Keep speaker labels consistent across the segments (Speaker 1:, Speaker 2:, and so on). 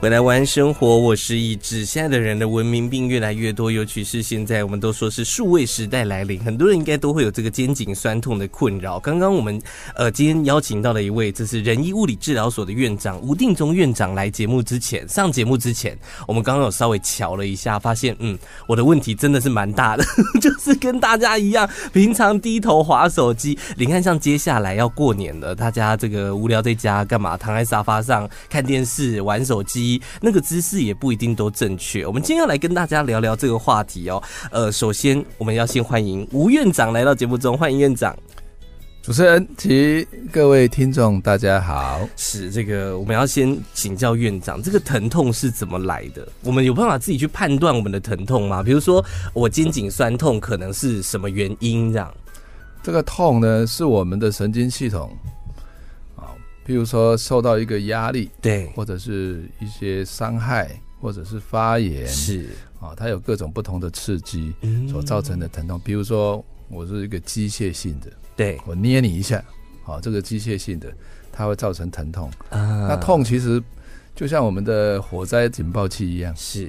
Speaker 1: 回來玩生活，我是一誌。現在的人的文明病越來越多，尤其是現在我們都說是數位時代來臨，很多人應該都會有這個肩頸酸痛的困擾。剛剛我們呃，今天邀請到了一位，這是人一物理治療所的院長吳定中院長。來節目之前，上節目之前，我們剛剛有稍微瞧了一下，發現嗯，我的問題真的是蠻大的， 就是跟大家一樣，平常低頭滑手機。你看，像接下來要過年了，大家這個無聊在家幹嘛，躺在沙發上看電視、玩手機。那個姿勢也不一定都正確。我們今天要來跟大家聊聊這個話題哦。呃，首先我們要先歡迎吳院長來到節目中，歡迎院長。主持人及各位聽眾，大家好。是這個，我們要先請教院長，這個疼痛是怎麼來的？我們有辦法自己去判斷我們的疼痛嗎？比如說，我肩頸酸痛，可能是什麼原因這樣？這個痛呢，是我們的神經系統。
Speaker 2: 比如說受到一個壓力，對，或者是一些傷害，或者是發炎，是啊、哦，它有各種不同的刺激所造成的疼痛。嗯、比如說我是一個機械性的，對我捏你一下，好、哦，這個機械性的它會造成疼痛。嗯、那痛其實就像我們的火災警報器一樣，是、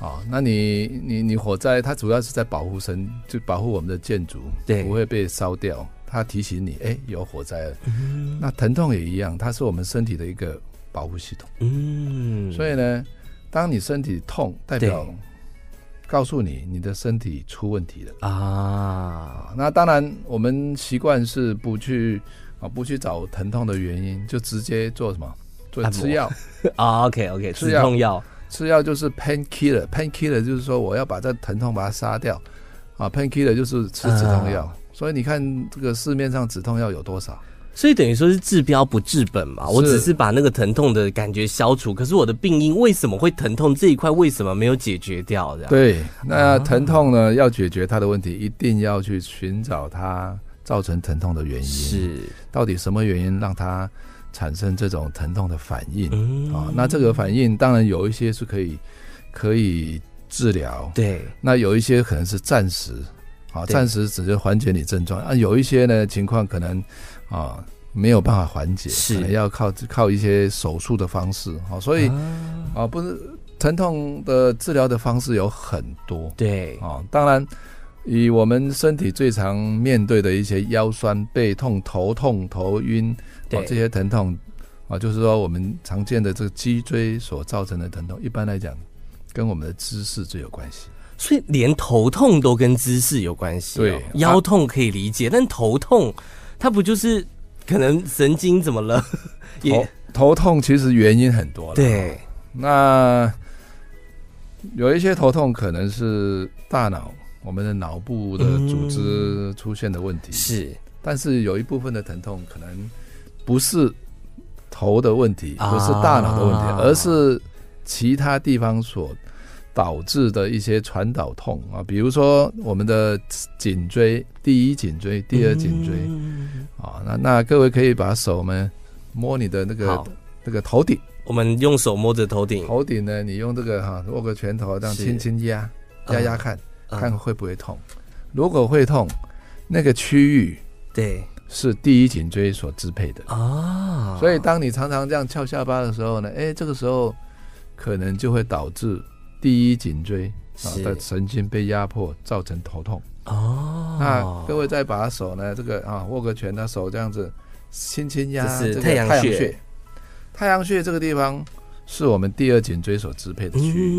Speaker 2: 哦、那你你你火災它主要是在保護神，就保護我們的建築，對，不會被燒掉。他提醒你，哎、欸，有火災了。嗯、那疼痛也一樣，它是我們身體的一個保護系統。嗯，所以呢，當你身體痛，代表告訴你你的身體出問題了啊。對那當然，我們習慣是不去啊，不去找疼痛的原因，就直接做什麼？做吃，啊、吃藥藥 啊？OK OK，止藥痛藥，吃藥就是 pain killer, pain killer，pain killer 就是說我要把這疼痛把它殺掉啊，pain
Speaker 1: killer 就是吃止痛藥。
Speaker 2: 啊所以你看，這個市面上止痛藥有多少？
Speaker 1: 所以等於說是治標不治本嘛。是我只是把那個疼痛的感覺消除，可是我的病因為什麼會疼痛這一塊為什麼沒有解決掉的？對，那疼
Speaker 2: 痛呢，啊、要解決它的問題，一定要去尋找它造成疼痛的原因。是，到底什麼原因讓它產生這種疼痛的反應？啊、嗯哦，那這個反應當然有一些是可以可以治療，對，那有一些可能是暫時。啊，暫時只是緩解你症狀對啊，有一些呢情況可能啊沒有辦法緩解，是，要靠靠一些手術的方式啊，所以啊，啊，不是疼痛的治療的方式有很多，對啊，當然以我們身體最常面對的一些腰酸背痛、頭痛、頭暈啊對這些疼痛啊，就是說我們常見的這個脊椎所造成的疼痛，一
Speaker 1: 般來講跟我們的姿勢最有關係。所以連頭痛都跟姿勢有關係？哦，對、啊、腰痛可以理解，但頭痛，它不就是可能神經怎麼了？頭
Speaker 2: 頭痛其實原因很多了，對。那有一些頭痛可能是大腦我們的腦部的組織出現的問題，是、嗯。但是有一部分的疼痛可能不是頭的問題，不是大腦的問題，啊、而是其他地方所。導致的一些傳導痛啊，比如說我們的頸椎，第一頸椎、第二頸椎啊、嗯哦。那那各位可以把手呢摸你的那個好那個頭頂，我們用手摸着頭頂。頭頂呢，你用這個哈、啊、握個拳頭，這樣輕輕壓壓壓，是壓壓看、嗯、看會不會痛。嗯、如果會痛，那個區域對是第一頸椎所支配的啊。哦、所以當你常常這樣翹下巴的時候呢，誒、欸，這個時候可能就會導致。第一頸椎啊的神經被壓迫，是造成頭痛。哦，那各位再把手呢，這個啊握個拳，那手這樣子輕輕壓。這是太陽穴。太陽穴這個地方是我們第二頸椎所支配的區域。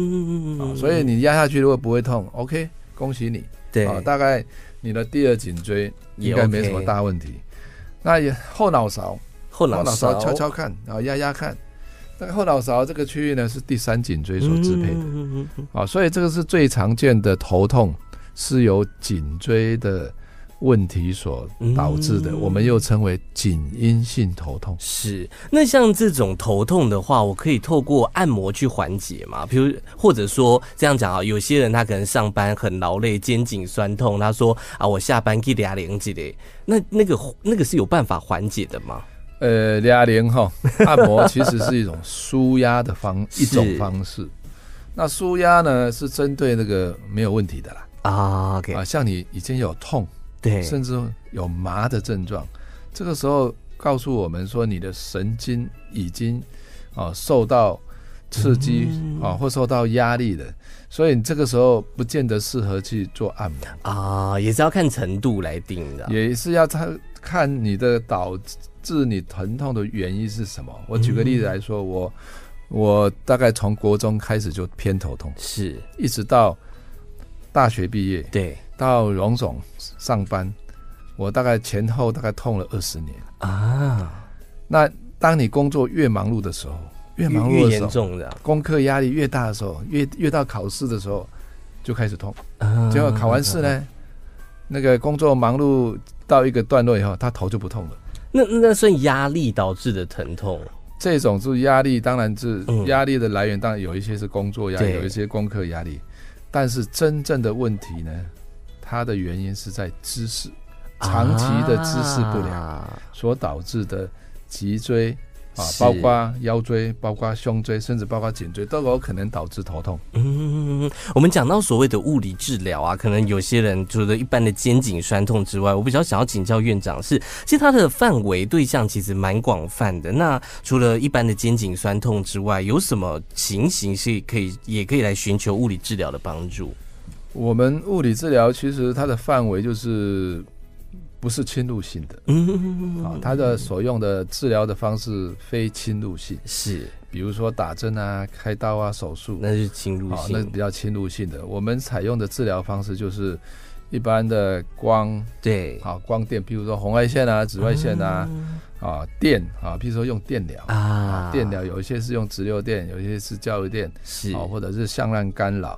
Speaker 2: 嗯，所以你壓下去如果不會痛，嗯，OK，恭喜你。對。啊，大概你的第二頸椎應該沒什麼大問題。也 OK 那後腦勺，後腦勺敲敲看啊，壓壓看。後腦勺這個區域呢，是第三頸椎所支配的，嗯、啊，所以這個是最常見的頭痛，是由頸
Speaker 1: 椎的問題所導致的。嗯、我們又稱為頸源性頭痛。是那像這種頭痛的話，我可以透過按摩去緩解嗎？比如或者說這樣講啊，有些人他可能上班很勞累，肩頸酸痛，他說啊，我下班給點阿幾的，那那個那個是有辦法緩解的嗎？呃，啞鈴後按摩其實是一種舒壓的方 一種方式。
Speaker 2: 是那舒壓呢，是針對那個沒有問題的啦啊。Oh, okay. 啊，像你已經有痛，對，甚至有麻的症狀，這個時候告訴我們說你的神經已經啊受到刺激、mm hmm. 啊或受到壓力的。所以你這個時候不見得適合去做按摩啊，oh, 也是要看程度來定的，也是要看看你的導。治你疼痛的原因是什麼？我舉個例子來說，嗯、我我大概從國中開始就偏頭痛，是，一直到大學畢業，對，到榮總上班，我大概前後大概痛了二十年啊。那當你工作越忙碌的時候，越忙碌的時候，越、越嚴重的，功課壓力越大的時候，越越到考試的時候就開始痛，啊、結果考完試呢，啊、那個工作忙碌到一個段落以後，他頭就不痛了。
Speaker 1: 那那算壓
Speaker 2: 力導致的疼痛，這種是壓力，當然是壓力的來源，嗯、當然有一些是工作壓力，對有一些功課壓力，但是真正的問題呢，它的原因是在姿勢，長期的姿勢不良所導致的脊椎，啊，包括腰椎，包括胸椎，甚至包括頸椎，都有可能
Speaker 1: 導致頭痛。嗯，我們講到所謂的物理治療啊，可能有些人除了一般的肩頸痠痛之外，我比較想要請教院長是，其實它的範圍對象其實蠻廣泛的。那除了一般的肩頸痠痛之外，有什麼情形是可以也可以來尋求物理治療的幫助？
Speaker 2: 我們物理治療其實它的範圍就是。不是侵入性的，啊、 哦，它的所用的治療的方式非侵入性，是，比如說打針啊、開刀啊、手術，那是侵入性，哦，那是比較侵入性的。我們採用的治療方式就是一般的光，對，啊、哦，光電，比如說紅外線啊、紫外線啊，啊、嗯哦，電，啊、哦，比如說用電療啊，電療有一些是用直流電，有一些是交流電，是、哦，或者是向量干擾，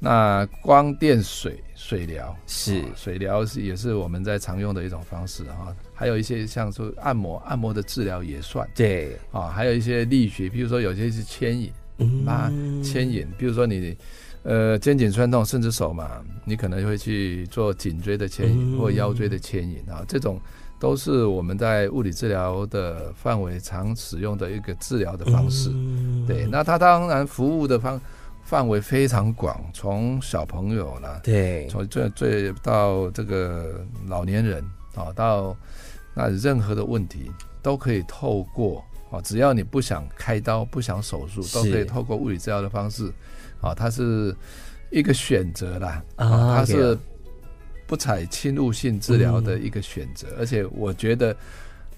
Speaker 2: 那光電水。水療是，水療是也是我們在常用的一種方式啊，還有一些像說按摩，按摩的治療也算。對，啊，還有一些力學，比如說有些是牽引，拉、啊、牽引，比如說你，呃，肩頸酸痛，甚至手嘛，你可能會去做頸椎的牽引或腰椎的牽引啊，這種都是我們在物理治療的範圍常使用的一個治療的方式。對，那它當然服務的方。範圍非常廣，從小朋友啦，對，從最最到這個老年人啊、哦，到那任何的問題都可以透過啊、哦，只要你不想開刀、不想手術，都可以透過物理治療的方式啊是、哦，它是一個選擇啦啊，它是不採侵入性治療的一個選擇，嗯、而且我覺得。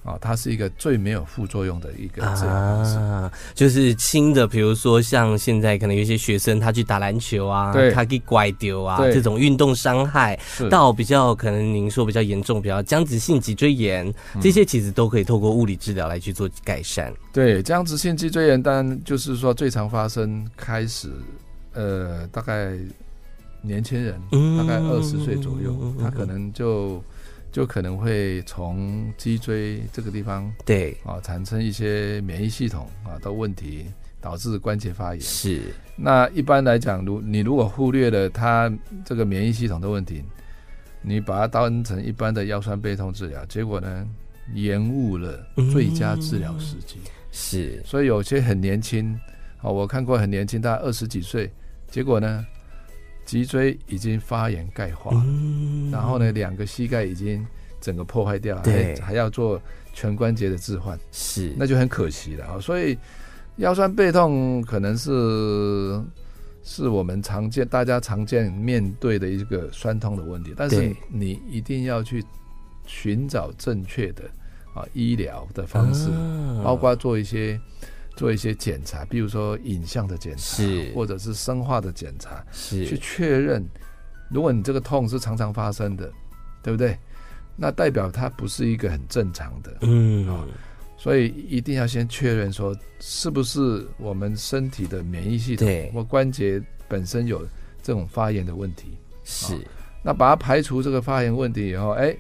Speaker 2: 啊、哦，它是一個最沒
Speaker 1: 有副作用的一個治療、啊、就是輕的，比如說像現在可能有些學生他去打籃球啊，他給對拐丟啊，對這種運動傷害，是到比較可能您說比較嚴重，比較僵直性脊椎炎，這些其實都可以透過物理治療來去做改善。嗯、
Speaker 2: 對，僵直性脊椎炎，但就是說最常發生，開始呃，大概年輕人，大概二十歲左右，嗯、他可能就。就可能會從脊椎這個地方對啊，產生一些免疫系統啊的問題，導致關節發炎。是。那一般來講，如你如果忽略了他這個免疫系統的問題，你把它當成一般的腰酸背痛治療，結果呢，延誤了最佳治療時機。嗯、是。所以有些很年輕啊，我看過很年輕，大概二十幾歲，結果呢。脊椎已經發炎鈣化，嗯、然後呢，兩個膝蓋已經整個破壞掉了，還對還要做全關節的置換，是，那就很可惜了啊、哦！所以腰酸背痛可能是是我們常見大家常見面對的一個酸痛的問題，但是你一定要去尋找正確的啊醫療的方式，啊、包括做一些。做一些檢查，比如說影像的檢查，是或者是生化的檢查，是去確認，如果你這個痛是常常發生的，對不對？那代表它不是一個很正常的，嗯、哦，所以一定要先確認說是不是我們身體的免疫系統或關節本身有這種發炎的問題。對哦、是，那把它排除這個發炎問題以後，欸、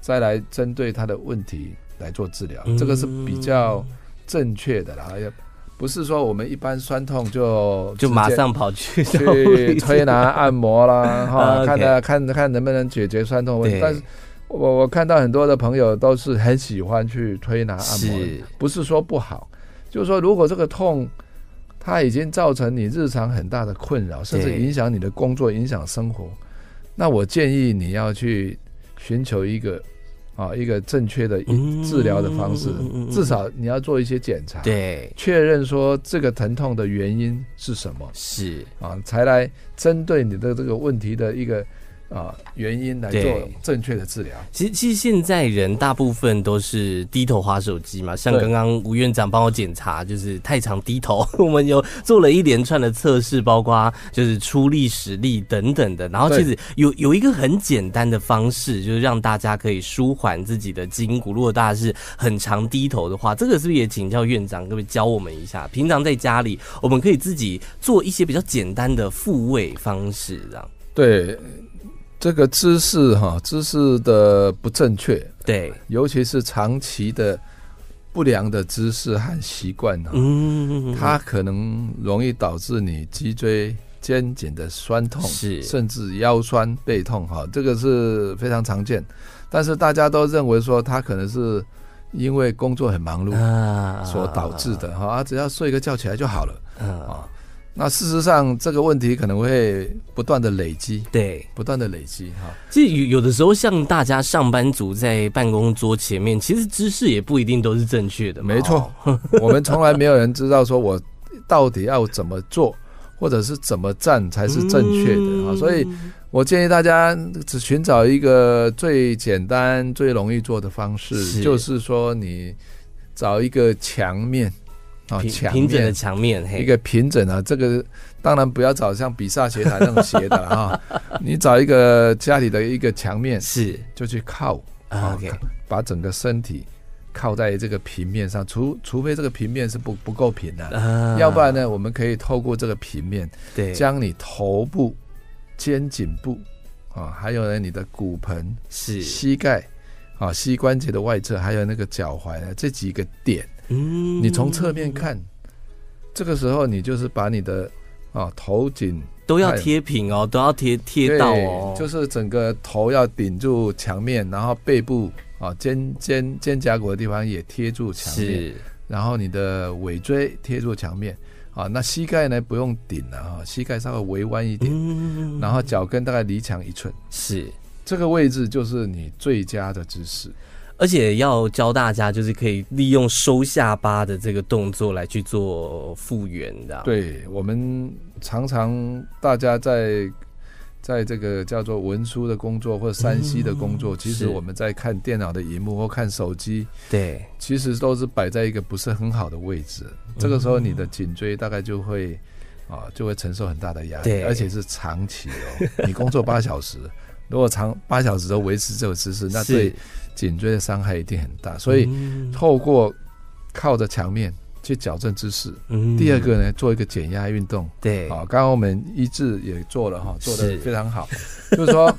Speaker 2: 再來針對他的問題來做治療，嗯、這個是比較。正確的啦，也不是說我們一般酸痛就就馬上跑去去推拿按摩啦，哈，看的看看能不能解決酸痛問題。對但是我，我我看到很多的朋友都是很喜歡去推拿按摩，不是說不好，就是說如果這個痛，它已經造成你日常很大的困擾，甚至影響你的工作、對影響生活，那我建議你要去尋求一個。啊，一個正確的，一治療的方式，至少你要做一些檢查，對，確認說這個疼痛的原因是什麼，是啊，才來針對你的這個問題的一個。啊，原因來做
Speaker 1: 正確的治療。其實，其實現在人大部分都是低頭滑手機嘛。像剛剛吳院長幫我檢查，對就是太常低頭。我們有做了一連串的測試，包括就是出力、實力等等的。然後，其實有對有一個很簡單的方式，就是讓大家可以舒緩自己的筋骨。如果大家是很常低頭的話，這個是不是也請教院長，各位教我們一下？平常在家裡，我們可以自己做一些比較簡單的復位方式，這樣。對。
Speaker 2: 這個姿勢哈、啊，姿勢的不正確，對，尤其是長期的不良的姿勢和習慣哈、啊，嗯嗯嗯，它可能容易導致你脊椎、肩頸的酸痛，是甚至腰酸背痛哈、啊，這個是非常常見。但是大家都認為說，它可能是因為工作很忙碌所導致的哈、啊啊，只要睡個覺起來就好了，啊。啊那事實上，這個問題可能會不斷的累積，對，不斷的累積哈。
Speaker 1: 其實有有的時候，像大家上班族在辦公桌前面，其實姿勢也不一定都是正確的。沒錯，
Speaker 2: 我們從來沒有人知道說我到底要怎麼坐，或者是怎麼站才是正確的啊。嗯，所以我建議大家只尋找一個最簡單、最容易做的方式，是，就是說你找一個牆面。哦，平整的牆面，面一個平整啊，嘿這個當然不要找像比薩斜塔那種斜的了啊、 哦。你找一個家裡的一個牆面，是 就去靠、哦、k Okay. 把整個身體靠在這個平面上，除除非這個平面是不不夠平的、啊、 要不然呢，我們可以透過這個平面，對，將你頭部、 對肩頸部啊、哦，還有呢你的骨盆、是膝蓋啊、哦、膝關節的外側，還有那個腳踝的這幾個點。
Speaker 1: 嗯，你從側面
Speaker 2: 看，這個時候你就是把你的啊
Speaker 1: 頭頸都要貼平哦，都要貼貼到哦，就
Speaker 2: 是整個頭要頂住牆面，然後背部啊肩肩肩胛骨的地方也貼住牆面，是然後你的尾椎貼住牆面啊，那膝蓋呢不用頂了啊，膝蓋稍微微彎一點，嗯，然後腳跟大概離牆一寸，是這個位
Speaker 1: 置就是你最佳的姿勢。而且要教大家，就是可以利用收下巴的這個動作來去做復原的。對，我們
Speaker 2: 常常大家在在這個叫做文書的工作，或者 3C 的工作，嗯哦、其實我們在看電腦的熒幕或看手機，對，其實都是擺在一個不是很好的位置。嗯哦、這個時候，你的頸椎大概就會啊、呃，就會承受很大的壓力，對而且是長期哦， 你工作八小時。如果長八小時都維持這個姿勢，那對頸椎的傷害一定很大。是所以透過靠着牆面去矯正姿勢。嗯、第二個呢，做一個減壓運動。對，哦、好，剛剛我們一致也做了哈，做的非常好。是就是說，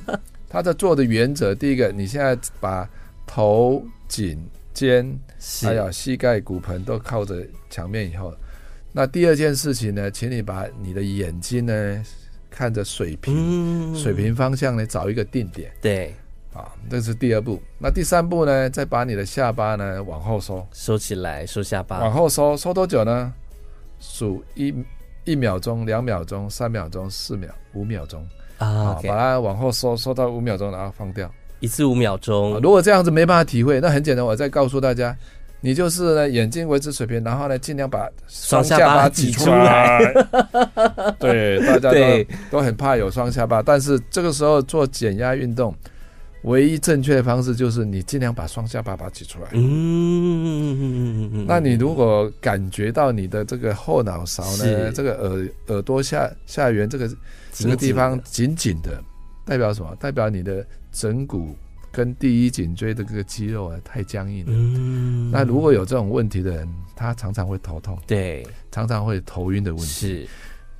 Speaker 2: 他在做的原則， 第一個，你現在把頭、頸、肩，還有膝蓋、骨盆都靠着牆面以後，那第二件事情呢，請你把你的眼睛呢。看着水平，嗯、水平方向呢，找一個定點。對，啊，這是第二步。那第三步呢？再把你的下巴呢往後收，收起來，收下巴，往後收，收多久呢？數一，一秒鐘，兩秒鐘，三秒鐘，四秒，五秒鐘、
Speaker 1: Ah, okay.
Speaker 2: 啊，把它往後收，收到五秒鐘，然後放掉，
Speaker 1: 一次五秒鐘、
Speaker 2: 啊。如果這樣子沒辦法體會，那很簡單，我再告訴大家。你就是呢，眼睛維持水平，然後呢，盡量把雙下巴擠出來。出來
Speaker 1: 對，大家都
Speaker 2: 對都很怕有雙下巴，但是這個時候做減壓運動，唯一正確的方式就是你盡量把雙下巴把擠出來。
Speaker 1: 嗯嗯嗯嗯嗯嗯嗯。嗯嗯嗯，那你
Speaker 2: 如果感覺到你的這個後腦勺呢，是這個耳耳朵下下緣這個這個地方緊緊的，緊緊的代表什麼？代表你的枕骨。跟第一頸椎的這個肌肉啊太僵硬了。嗯，那如果有這種問題的人，他常常會頭痛，對，常常會頭暈的問題。是。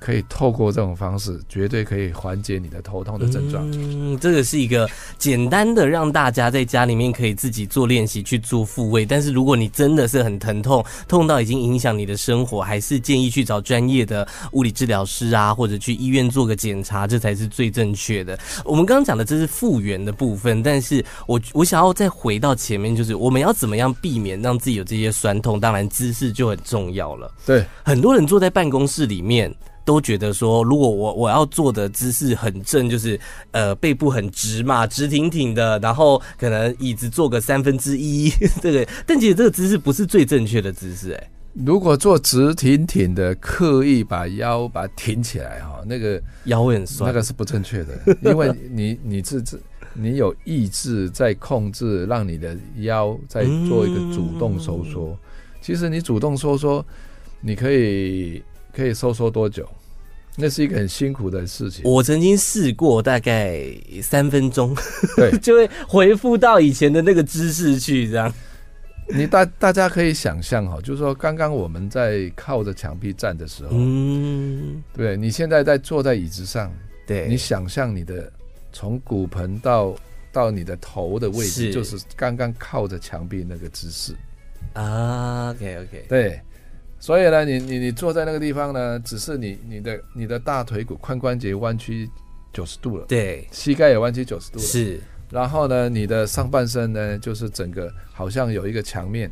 Speaker 2: 可以透過這種方式，
Speaker 1: 絕對可以緩解你的頭痛的症狀。嗯，這個是一個簡單的，讓大家在家裡面可以自己做練習去做復位。但是如果你真的是很疼痛，痛到已經影響你的生活，還是建議去找專業的物理治療師啊，或者去醫院做個檢查，這才是最正確的。我們剛剛講的這是復原的部分，但是我我想要再回到前面，就是我們要怎麼樣避免讓自己有這些酸痛？當然姿勢就很重要了。對，很多人坐在辦公室裡面都覺得說，如果我我要做的姿勢很正，就是呃背部很直嘛，直挺挺的，然後可能椅子坐個三分之一，這個，但其實這個姿勢不是最正確的姿勢，欸，哎。
Speaker 2: 如果坐直挺挺的，刻意把腰把它挺起來哈，那個腰會很酸，那個是不正確的， 因為你你自自你有意志在控制，讓你的腰在做一個主動收縮。嗯、其實你主動收縮，你可以。可以收縮多久？那是一個很辛苦的事
Speaker 1: 情。我曾經試過，大概三分鐘，對， 就會回復到以前的那個姿勢去。這樣，你大大家可以想
Speaker 2: 象哈，就是說，剛剛我們在靠着牆壁站的時候，嗯，對，你現在在坐在椅子上，對，你想象你的從骨盆到到你的頭的位置，是就是剛剛靠着牆壁那個姿勢。啊，OK，OK，okay，okay，對。所以呢，你你你坐在那個地方呢，只是你你的你的大腿骨髖關節彎曲九十度了，對，膝蓋也彎曲九十度了，是。然後呢，你的上半身呢，就是整個好像有一個牆面，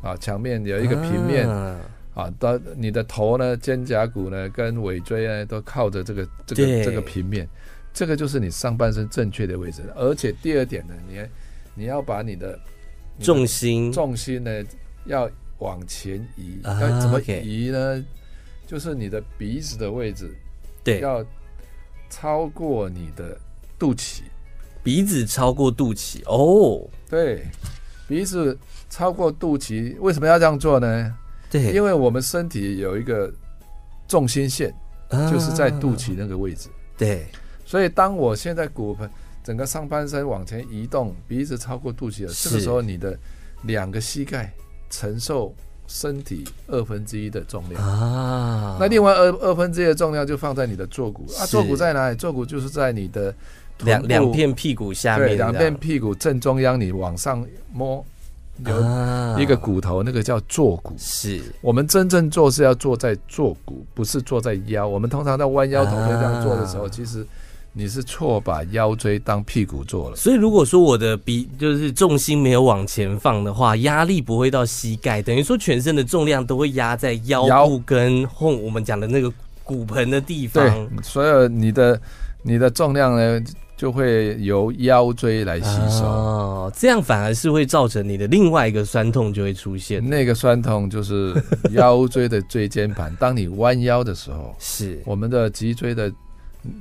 Speaker 2: 啊，牆面有一個平面，啊，啊，到你的頭呢、肩胛骨呢、跟尾椎呢，都靠着這個這個對這個平面，這個就是你上半身正確的位置。而且第二點呢，你你要把你的重心重心呢要。往前移，該怎麼移呢？Uh, okay. 就是你的鼻子的位置，對，要超過你的肚臍，鼻子超過肚臍哦。Oh. 對，鼻子超過肚臍，為什麼要這樣做呢？對，因為我們身體有一個重心線，uh, 就是在肚臍那個位置。Uh, 對，所以當我現在骨盆整個上半身往前移動，鼻子超過肚臍了，是，這個時候你的兩個膝蓋，承受身體二分之一的重量啊，那另外二二分之一的重量就放在你的坐骨是啊。坐骨在哪裡？坐骨就是在你的兩兩片屁股下面，兩片屁股正中央，你往上摸有一個骨頭，啊、那個叫坐骨。是我們真正坐是要坐在坐骨，不是坐在腰。我們通常在彎
Speaker 1: 腰駝背這樣做的時候，啊、其實。你是錯把腰椎當屁股坐了，所以如果說我的鼻就是重心沒有往前放的話，壓力不會到膝蓋，等於說全身的重量都會壓在腰部跟後我們講的那個骨盆的地方。
Speaker 2: 對，所有你的你的重量呢就會由腰椎來吸收。哦，這樣反而是會造成你的另外一個酸痛就會出現。那個酸痛就是腰椎的椎間盤， 當你彎腰的時候，是我們的脊椎的。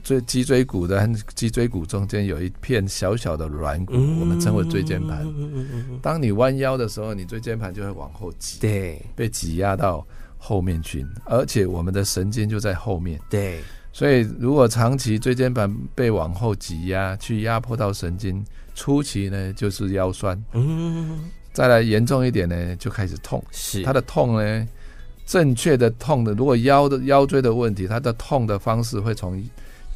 Speaker 2: 椎脊椎骨的脊椎骨中間有一片小小的軟骨，嗯、我們稱為椎間盤。當你彎腰的時候，你椎間盤就會往後擠。對。被擠壓到後面去，而且我們的神經就在後面。對。所以如果長期椎間盤被往後擠壓，去壓迫到神經，初期呢就是腰酸。嗯、再來嚴重一點呢，就開始痛。是。它的痛呢，正確的痛的，如果腰的腰椎的問題，它的痛的方式會從。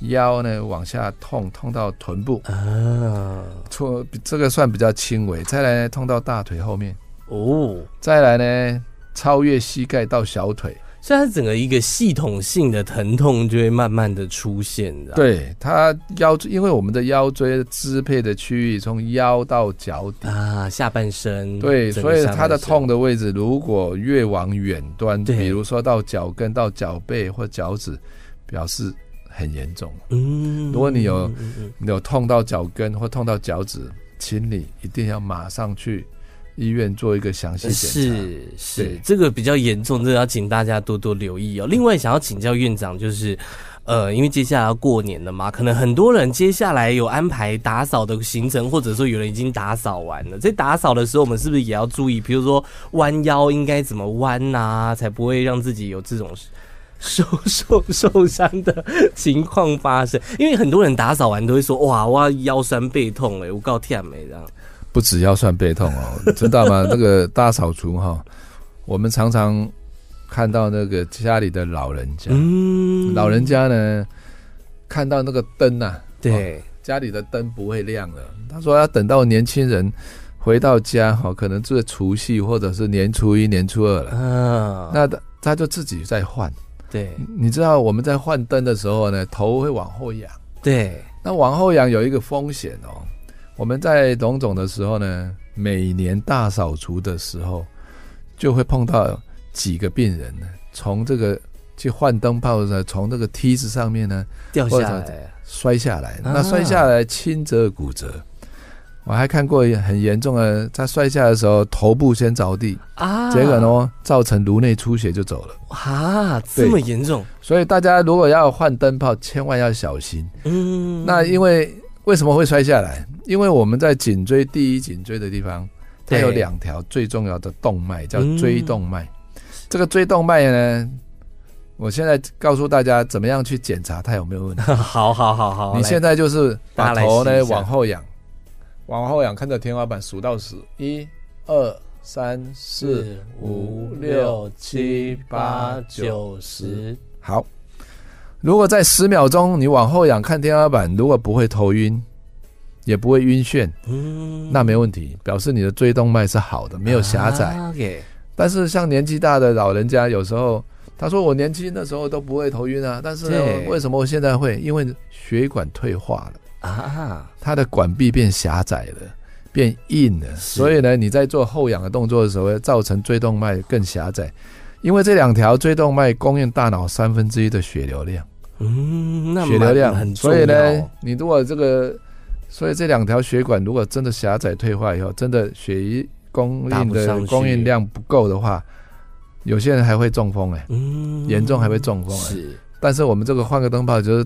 Speaker 2: 腰呢往下痛，痛到臀部啊，錯，這個算比較輕微。再來呢，痛到大腿後面哦。再來呢，
Speaker 1: 超越膝蓋到小腿，所以它整個一個系統性的疼痛就會慢慢的出現的啊。對，
Speaker 2: 它腰椎，因為我們的腰椎支配的區域從腰到腳底啊，下半身。對，所以它的痛的位置如果越往遠端，對比如說到腳跟、到腳背或腳趾，表示。很嚴重，嗯，如果你有，你有痛到腳跟或痛到腳趾，請你一定要馬上去醫院做一個詳細檢查。是是，是對
Speaker 1: 這個比較嚴重，這個要請大家多多留意哦。另外，想要請教院長，就是，呃，因為接下來要過年了嘛，可能很多人接下來有安排打掃的行程，或者說有人已經打掃完了，在打掃的時候，我們是不是也要注意？比如說彎腰應該怎麼彎啊，才不會讓自己有這種。受受受傷的情況發生，因為很多人打掃完都會說：“哇，我腰痠背痛。”哎，我告天沒這樣，
Speaker 2: 不止腰痠背痛哦， 知道嗎？那個大掃除哈、哦，我們常常看到那個家裡的老人家，嗯，老人家呢，看到那個燈吶、啊，對、哦，家裡的燈不會亮了，他說要等到年輕人回到家哈、哦，可能這個除夕或者是年初一年初二了，啊，那他他就自己再換。對，你知道我們在換燈的時候呢，頭會往後仰。對，那往後仰有一個風險哦。我們在榮總的時候呢，每年大掃除的時候，就會碰到幾個病人呢，從這個去換燈泡的時候，從這個梯子上面呢掉下來，摔下來。啊、那摔下來，輕則骨折。我還看過很嚴重的，他摔下的時候，頭部先着地啊，結果呢，造成顱內出血就走
Speaker 1: 了啊，這麼嚴重，對，所
Speaker 2: 以大家如果要換燈泡，千萬要小心。嗯，那因為為什麼會摔下來？因為我們在頸椎第一頸椎的地方，它有兩條最重要的動脈對叫椎動脈。嗯、這個椎動脈呢，我現在告訴大家怎麼樣去檢查它有沒有問題。
Speaker 1: 好好好好，你現在就是把頭呢往後仰。
Speaker 2: 往後仰，看着天花板，數到十：一、二、三、四、五、六、七、八、九、十。好，如果在十秒鐘你往後仰看天花板，如果不會頭暈，也不會暈眩，那沒問題，表示你的椎動脈是好的，沒有狹窄。但是像年紀大的老人家，有時候他說我年輕的時候都不會頭暈啊，但是為什麼我現在會？因為血管退化了。啊，它的管壁變狹窄了，變硬了，是所以呢，你在做後仰的動作的時候，會造成椎動脈更狹窄，因為這兩條椎動脈供應大腦三分之一的血流量，
Speaker 1: 嗯，那血流量很重要。所以呢，
Speaker 2: 你如果這個，所以這兩條血管如果真的狹窄退化以後，真的血液供應的供應量不夠的話，有些人還會中風哎、欸，嗯，嚴重還會中風哎、欸，是，但是我們這個換個燈泡就是。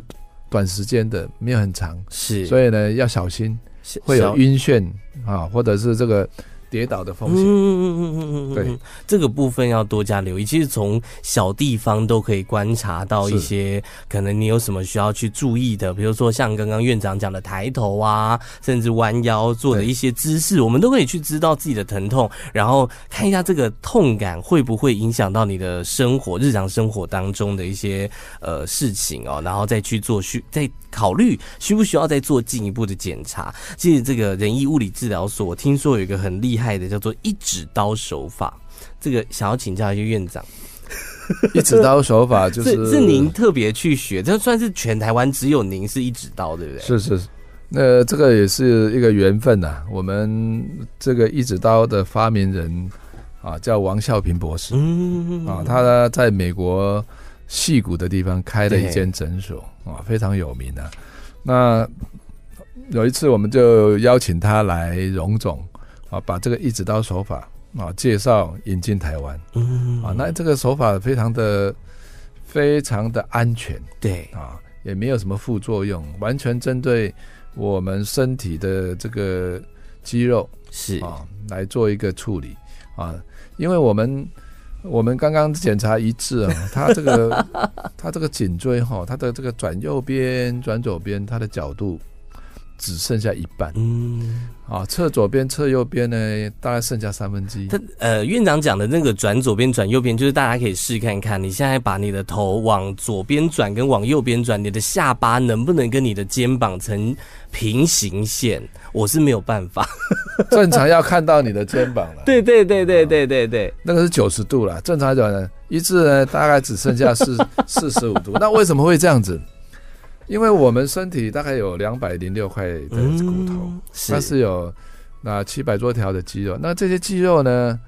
Speaker 2: 短時間的沒有很長，是，所以呢，要小心，會有暈
Speaker 1: 眩小啊，或者是這個。跌倒的風險，嗯嗯嗯嗯嗯嗯，對嗯，這個部分要多加留意。其實從小地方都可以觀察到一些，的可能你有什麼需要去注意的，比如說像剛剛院長講的抬頭啊，甚至彎腰做的一些姿勢，對我們都可以去知道自己的疼痛，然後看一下這個痛感會不會影響到你的生活、日常生活當中的一些呃事情哦，然後再去做需再考慮需不需要再做進一步的檢查。其實這個人一物理治療所，我聽說有一個很厲。厲害的叫做一指刀手法，這個想要請教一下院長。 一指刀手法就是 是，是您特別去學，這算是全台灣只有您是一指刀，對不對？是
Speaker 2: 是是，那這個也是一個緣分吶，啊。我們這個一指刀的發明人啊，叫王孝平博士，嗯，嗯，嗯啊，他在美國矽谷的地方開了一間診所啊，對非常有名啊。那有一次我們就邀請他來榮總。啊，把這個一指刀手法啊介紹引進台灣，嗯嗯啊，那這個手法非常的非常的安全，對啊，也沒有什麼副作用，完全針對我們身體的這個肌肉是啊來做一個處理啊，因為我們我們剛剛檢查一次啊，他 這個他這個頸椎哈、哦，他的這個轉右邊轉左邊，他的角度。只剩下一半，嗯，好，側左邊，側右邊呢，大概剩下三分之一。他
Speaker 1: 呃，院長講的那個轉左邊，轉右邊，就是大家可以試看看。你現在把你的頭往左邊轉，跟往右邊轉，你的下巴能不能跟你的肩膀成平行線？我是沒有辦法，
Speaker 2: 正常要看到你的肩膀
Speaker 1: 了。 對對對對對對對，那個是九十
Speaker 2: 度啦，正常來講呢，一致呢，大概只剩下四四十五度。 那為什麼會這樣子？因為我們身體大概有兩百零六塊的骨頭，它、嗯、是，是有那七百多條的肌肉。那這些肌肉呢，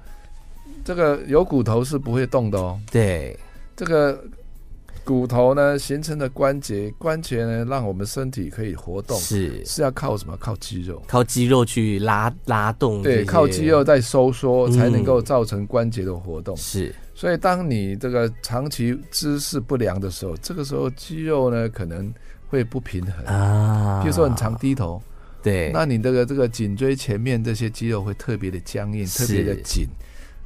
Speaker 2: 這個有骨頭是不會動的哦。對，這個骨頭呢形成的關節，
Speaker 1: 關節呢
Speaker 2: 讓我們身體可以活動，是是要靠什麼？靠肌肉，
Speaker 1: 靠肌肉去拉拉動，對，靠肌
Speaker 2: 肉在收縮、嗯、才能夠造成關節的活動。是。所以，當你這個長期姿勢不良的時候，這個時候肌肉呢可能會不平衡啊。比如說，你常低頭，對，那你這個這個頸椎前面這些肌肉會特別的僵硬，是特別的緊。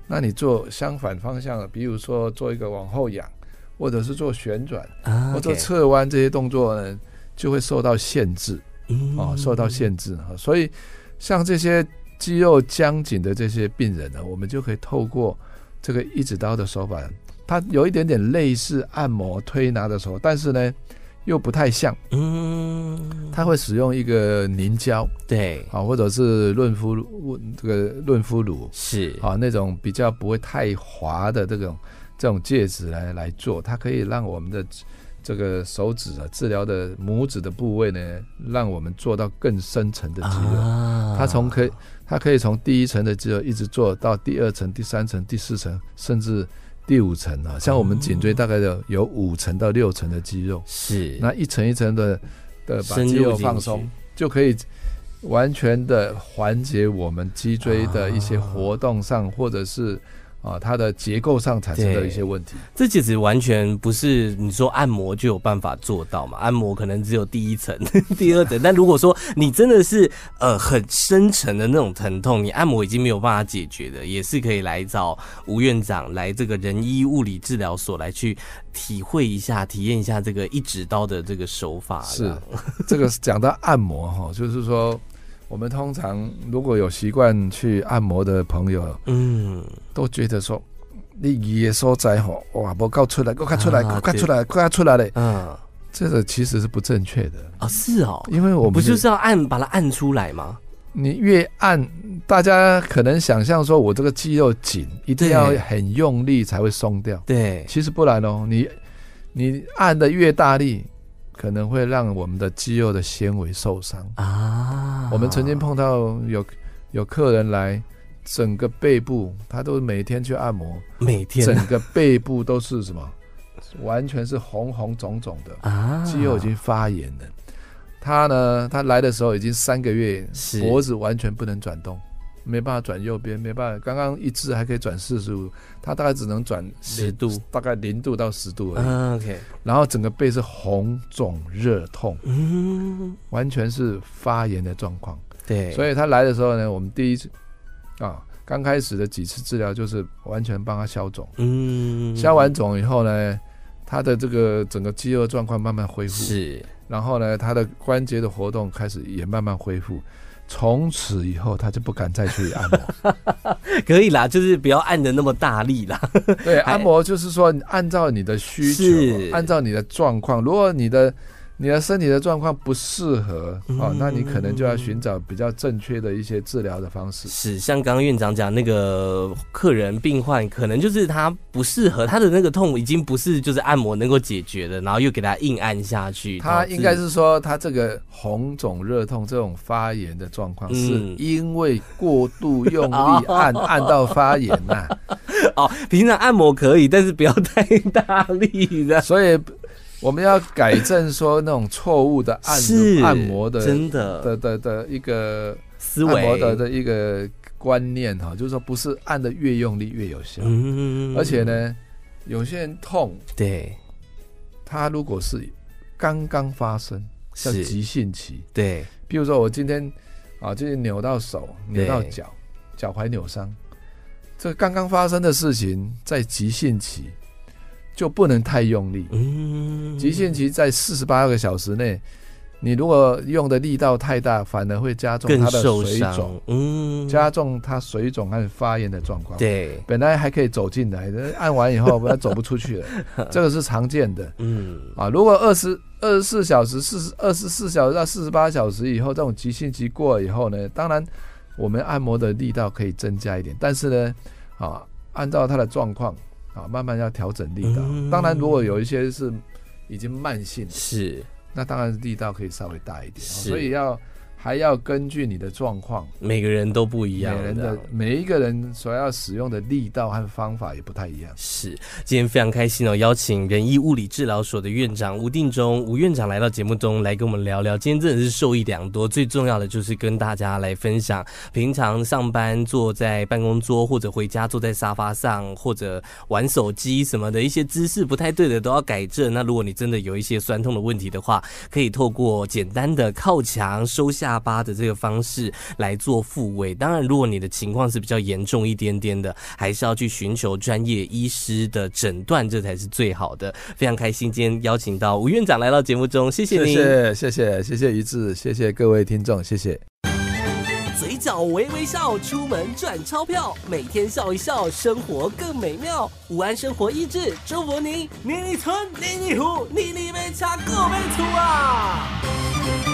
Speaker 2: 那你做相反方向，比如說做一個往後仰，或者是做旋轉，啊、或者側彎這些動作呢，啊 okay、就會受到限制啊、嗯哦，受到限制。所以，像這些肌肉僵緊的這些病人呢，我們就可以透過。這個一指刀的手法，它有一點點類似按摩推拿的手，但是呢，又不太像。嗯，它會使用一個凝膠，對啊，或者是潤膚乳，這個潤膚乳是啊，那種比較不會太滑的這種這種介質來來做，它可以讓我們的這個手指啊，治療的拇指的部位呢，讓我們做到更深層的肌肉。啊、它從可以。它可以從第一層的肌肉一直做到第二層、第三層、第四層，甚至第五層啊！像我們頸椎大概有有五層到六層的肌肉，是那一層一層的的把肌肉放鬆，就可以完全的緩解我們脊椎的一些活動上，或者是。啊，它的結構上產生的一些
Speaker 1: 問題，這其實完全不是你說按摩就有辦法做到嘛。按摩可能只有第一層、 第二層層， 但如果說你真的是呃很深層的那種疼痛，你按摩已經沒有辦法解決的，也是可以來找吳院長來這個人一物理治療所來去體會一下、體驗一下這個一指刀的這個手法。是，
Speaker 2: 這個講到按摩哈， 就是說。我們通常如果有習慣去按摩的朋友，嗯，都覺得說，你野說在好，哇，我快出來，我快出來，我快、啊、出來了，快、啊、出來嘞，嗯、啊，這個其實是不正確
Speaker 1: 的啊，是哦，因為我們不就是要按把它按出來嗎？你
Speaker 2: 越按，大家可能想象說，我這個肌肉緊，一定要很用力才會鬆掉，對，其實不然哦，你你按得越大力。可能會讓我們的肌肉的纖維受傷啊！我們曾經碰到有有客人來，整個背部他都每天去按摩，每天整個背部都是什麼，完全是紅紅腫腫的啊，肌肉已經發炎了。他呢，他來的時候已經三個月，是脖子完全不能轉動。沒辦法轉右邊，沒辦法，剛剛一只還可以轉四十五，他大概只能轉十度，大概零度到十度。啊，OK。然後整個背是紅腫熱痛，嗯、完全是發炎的狀況。對、嗯。所以他來的時候呢，我們第一次，啊，剛開始的幾次治療就是完全幫他消腫。嗯。消完腫以後呢，他的這個整個肌肉狀況慢慢恢復。是。然後呢，他的關節的活動開始也慢慢恢復。從此
Speaker 1: 以後，他就不敢再去按摩。 可以啦，就是不要按得那麼大力啦。
Speaker 2: 對，按摩就是說，按照你的需求，是按照你的狀況，如果你的。你的身體的狀況不適合哦，那你可能就要尋找比較正確的一
Speaker 1: 些治療的方式。嗯嗯嗯。是，像剛剛院長講，那個客人病患可能就是他不適合，他的那個痛已經不是就是按摩能夠解決的，然後又給他硬按下去。他應該是
Speaker 2: 說，他這個紅腫熱痛這種發炎的狀況，是因為過度用力按、嗯、按，按到發炎啊。哦，平常
Speaker 1: 按摩可以，但是不要太
Speaker 2: 大力的。所以。 我們要改正說那種錯誤的按是按摩的真的的的的，的一個思維維的的一個觀念哈、啊，就是說不是按得越用力越有效，嗯嗯嗯嗯，而且呢，有些人痛，對，他如果是剛剛發生像急性期，對，比如說我今天啊就是扭到手扭到腳，腳對踝扭傷，這個剛剛發生的事情在急性期。就不能太用力。嗯，急性期在四十八個小時內，你如果用的力道太大，反而會加重它的水腫。嗯，加重它水腫和發炎的狀況。對，本來還可以走進來的，按完以後，不然走不出去了。 這個是常見的。嗯，啊，如果二十二十四小時、四十二十四小時到四十八小時以後，這種急性期過了以後呢，當然我們按摩的力道可以增加一點，但是呢，啊，按照它的狀況。啊，慢慢要調整力道。嗯、當然，如果有一些是已經慢性了，是那當然是力道可以稍微大一點。是所以要。還要根據你的狀況，
Speaker 1: 每個人都不一樣，每個人的
Speaker 2: 每一個人所要使用的力道和方法也不太一
Speaker 1: 樣。是，今天非常開心哦，邀請人一物理治療所的院長吳定中吳院長來到節目中來跟我們聊聊。今天真的是受益良多，最重要的就是跟大家來分享，平常上班坐在辦公桌，或者回家坐在沙發上，或者玩手機什麼的一些姿勢不太對的，都要改正。那如果你真的有一些酸痛的問題的話，可以透過簡單的靠牆收下。爸爸的這個方式來做復位。當然，如果你的情況是比較嚴重一點點的，還是要去尋求專業醫師的診斷，這才是最好的。非常開心今天邀請到吳院長來到節目中，謝謝你，謝謝，
Speaker 2: 謝謝，謝謝一誌，謝謝各位聽眾，謝謝。
Speaker 1: 嘴角微微笑，出門賺鈔票，每天笑一笑，生活更美妙。午安，生活一誌，祝福您，米米穿，拎一壺，裡裡外外各位出啊。你你